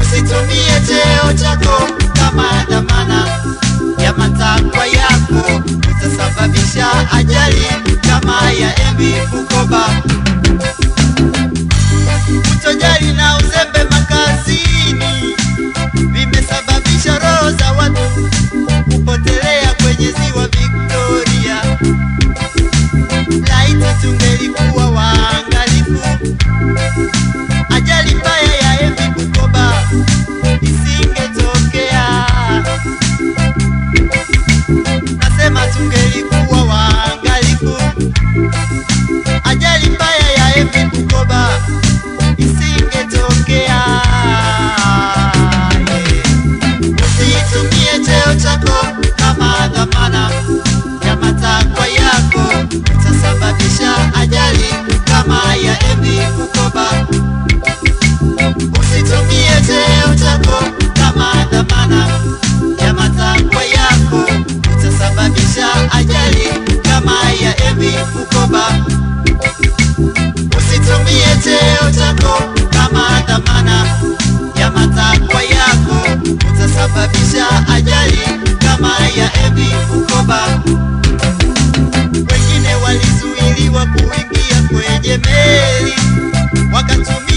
Usitumie cheo chako kama dhamana ya matakwa yako, utasababisha ajali kama ya MV Fuko. kweli wakati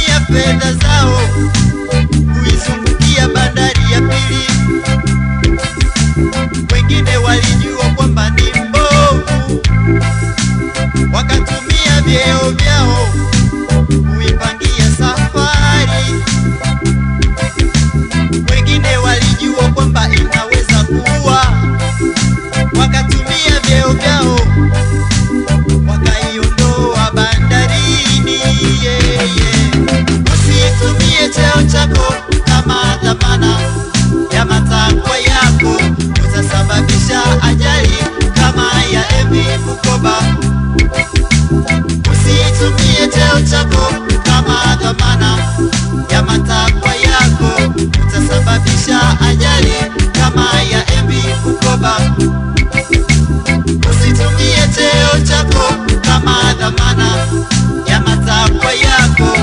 matakwa yako utasababisha ajali kama ya MB Bukoba. Usitumie cheo chako kama dhamana ya matakwa yako,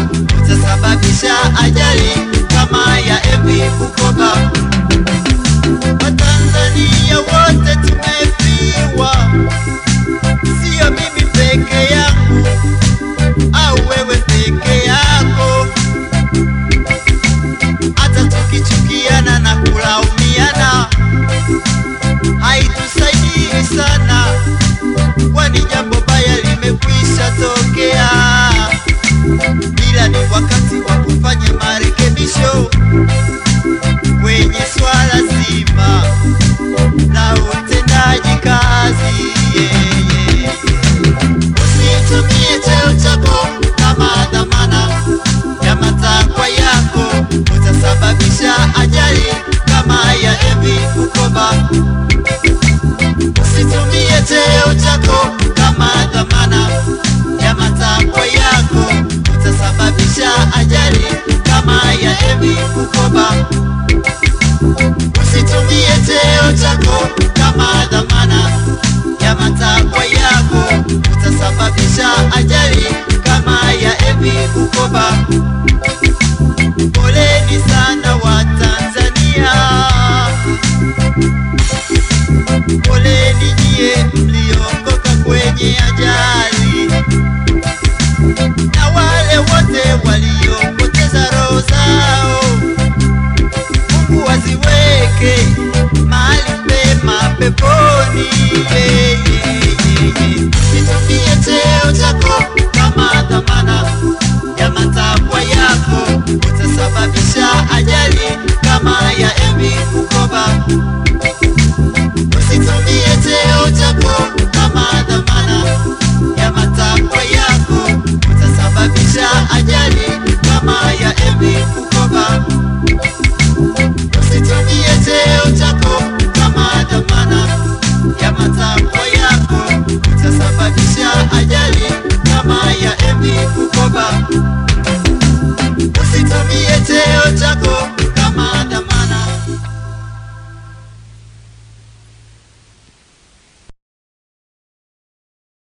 utasababisha ajali kama ya MB Bukoba. Watanzania wote tumefiwa, sio mimi peke yangu au wewe peke Poleni nyie mliokoka kwenye ajali na wale wote walio usitumie cheo kama dhamana ya matakwa yako, utasababisha ajali kama ya MV Bukoba.